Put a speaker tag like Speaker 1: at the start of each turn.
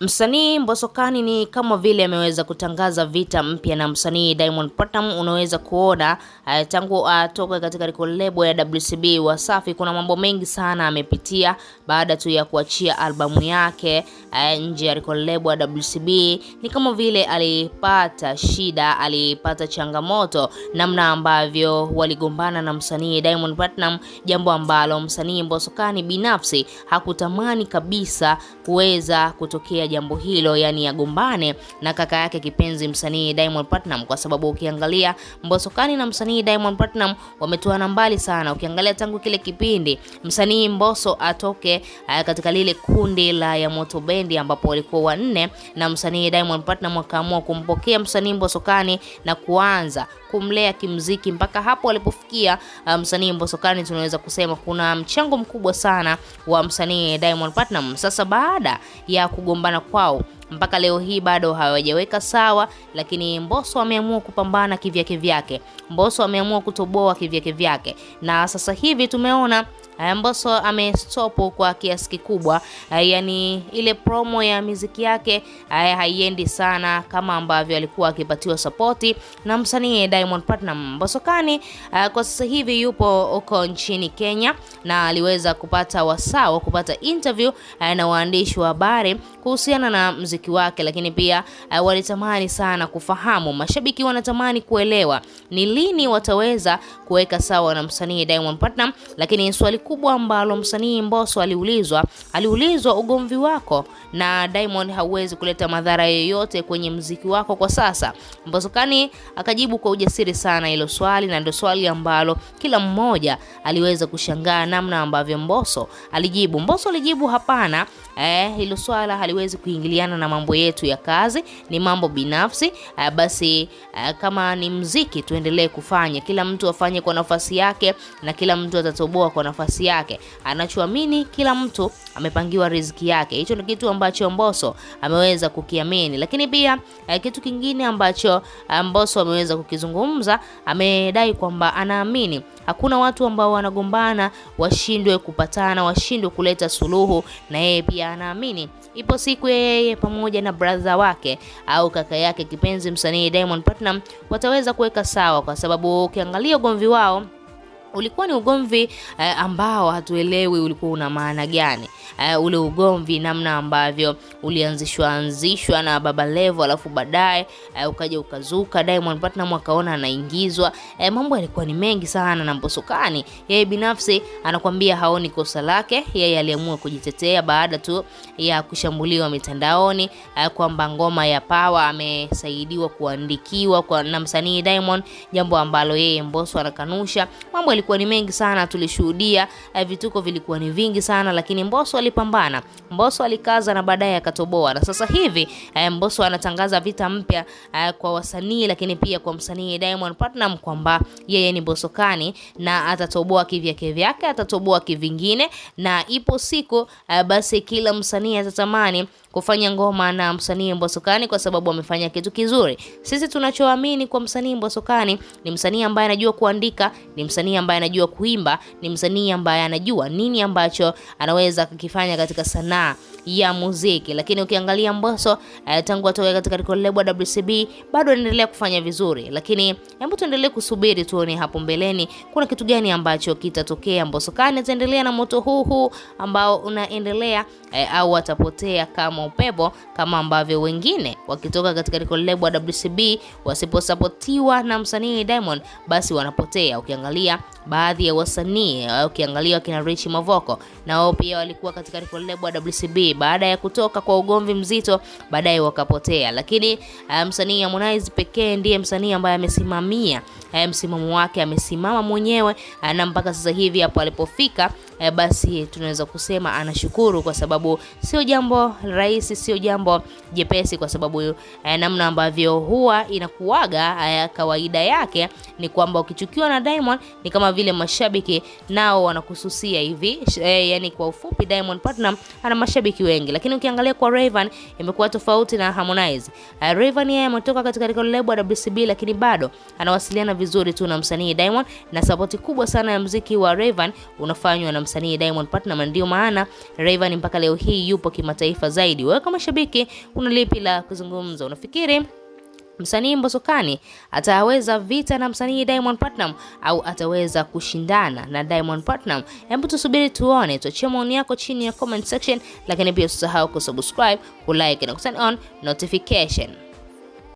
Speaker 1: Msanii Mbosokani ni kama vile ameweza kutangaza vita mpya na msanii Diamond Platnumz. Unaweza kuona uh, tangu atoke ah, uh, katika label ya WCB Wasafi, kuna mambo mengi sana amepitia baada tu ya kuachia albamu yake uh, nje ya label ya WCB. Ni kama vile alipata shida, alipata changamoto namna ambavyo waligombana na msanii Diamond Platnumz, jambo ambalo msanii Mbosokani binafsi hakutamani kabisa kuweza kutokea ya jambo hilo, yani yagombane na kaka yake kipenzi msanii Diamond Platinum, kwa sababu ukiangalia Mbosso na msanii Diamond Platinum wametoana mbali sana. Ukiangalia tangu kile kipindi msanii Mbosso atoke eh, katika lile kundi la Yamoto Bendi ambapo walikuwa wanne na msanii Diamond Platinum akaamua kumpokea msanii Mbosso na kuanza kumlea kimziki mpaka hapo Uh, msanii Mbosso Tunaweza kusema kuna mchango mkubwa sana wa msanii Diamond Platinum. Sasa baada ya kugombana kupambana kwao mpaka leo hii bado hawajaweka sawa, lakini Mbosso ameamua kupambana kivyake vyake. Mbosso ameamua kutoboa kivyake vyake, na sasa hivi tumeona Mbosso amestopo kwa kiasi kikubwa, ah, yani ile promo ya miziki yake ah, haiendi sana kama ambavyo alikuwa akipatiwa sapoti na msanii Diamond Platinum. Mbosso Kani ah, kwa sasa hivi yupo huko nchini Kenya na aliweza kupata wasaa wa kupata interview na waandishi wa habari kuhusiana na mziki wake, lakini pia walitamani sana kufahamu, mashabiki wanatamani kuelewa ni lini wataweza kuweka sawa na msanii Diamond Platinum, lakini swali kubwa ambalo msanii Mbosso aliulizwa aliulizwa ugomvi wako na Diamond hauwezi kuleta madhara yoyote kwenye mziki wako kwa sasa. Mbosso kani akajibu kwa ujasiri sana hilo swali, na ndio swali ambalo kila mmoja aliweza kushangaa namna ambavyo Mbosso alijibu. Mbosso alijibu hapana eh, hilo swala haliwezi kuingiliana na mambo yetu ya kazi, ni mambo binafsi eh, basi eh, kama ni mziki tuendelee kufanya, kila mtu afanye kwa nafasi yake na kila mtu atatoboa kwa nafasi yake anachoamini. Kila mtu amepangiwa riziki yake, hicho ni kitu ambacho Mbosso ameweza kukiamini. Lakini pia eh, kitu kingine ambacho eh, Mbosso ameweza kukizungumza, amedai kwamba anaamini hakuna watu ambao wanagombana washindwe kupatana, washindwe kuleta suluhu, na yeye pia pia anaamini ipo siku yeye pamoja na brother wake au kaka yake kipenzi msanii Diamond Platnumz wataweza kuweka sawa, kwa sababu ukiangalia ugomvi wao ulikuwa ni ugomvi eh, ambao hatuelewi ulikuwa una maana gani eh, ule ugomvi namna ambavyo ulianzishwa anzishwa na Baba Levo, alafu baadaye eh, ukaja ukazuka Diamond Platnumz akaona anaingizwa eh, mambo yalikuwa ni mengi sana na Mbosokani yeye binafsi anakwambia haoni kosa lake, yeye aliamua kujitetea baada tu ya kushambuliwa mitandaoni eh, kwamba ngoma ya Pawa amesaidiwa kuandikiwa kwa na msanii Diamond, jambo ambalo yeye Mbosso anakanusha mambo yalikuwa ni mengi sana, tulishuhudia eh, vituko vilikuwa ni vingi sana, lakini Mbosso alipambana, Mbosso alikaza na baadaye akatoboa. Na sasa hivi eh, Mbosso anatangaza vita mpya eh, kwa wasanii, lakini pia kwa msanii Diamond Platnumz kwamba yeye ni Mbosso kani na atatoboa kivyake vyake, atatoboa kivingine, na ipo siku basi kila msanii atatamani kufanya ngoma na msanii Mbosokani kwa sababu amefanya kitu kizuri. Sisi tunachoamini kwa msanii Mbosokani ni msanii ambaye anajua kuandika, ni msanii ambaye anajua kuimba, ni msanii ambaye anajua nini ambacho anaweza kukifanya katika sanaa ya muziki. Lakini ukiangalia Mboso eh, tangu atoke katika record label WCB bado anaendelea kufanya vizuri, lakini hebu tuendelee kusubiri tuone hapo mbeleni kuna kitu gani ambacho kitatokea. Mbosokani ataendelea na moto huu huu ambao unaendelea eh, au atapotea kama upepo, kama ambavyo wengine wakitoka katika record label ya WCB wasiposapotiwa na msanii Diamond, basi wanapotea. Ukiangalia baadhi ya wasanii, eh, ukiangalia kina Rich Mavoko na wao pia walikuwa katika record label ya WCB, baada ya kutoka kwa ugomvi mzito, baadaye wakapotea. Lakini eh, msanii Harmonize pekee ndiye msanii ambaye amesimamia eh, msimamo wake, amesimama mwenyewe na mpaka sasa hivi hapo alipofika e, basi tunaweza kusema anashukuru kwa sababu sio jambo rahisi, sio jambo jepesi, kwa sababu e, namna ambavyo huwa inakuwaga e, kawaida yake ni kwamba ukichukiwa na Diamond ni kama vile mashabiki nao wanakususia hivi e, yani kwa ufupi Diamond Platinum ana mashabiki wengi, lakini ukiangalia kwa Raven imekuwa tofauti na Harmonize. E, Raven yeye ametoka katika lebo ya WCB, lakini bado anawasiliana vizuri tu na msanii Diamond, na sapoti kubwa sana ya mziki wa Raven unafanywa na msanii Diamond Platnumz, ndio maana Rayvanny mpaka leo hii yupo kimataifa zaidi. Wewe kama shabiki una lipi la kuzungumza? Unafikiri msanii Mbosokani ataweza vita na msanii Diamond Platnumz au ataweza kushindana na Diamond Platnumz? Hebu tusubiri tuone, tuachie maoni yako chini ya comment section, lakini pia usisahau kusubscribe, kulike na kuturn on notification.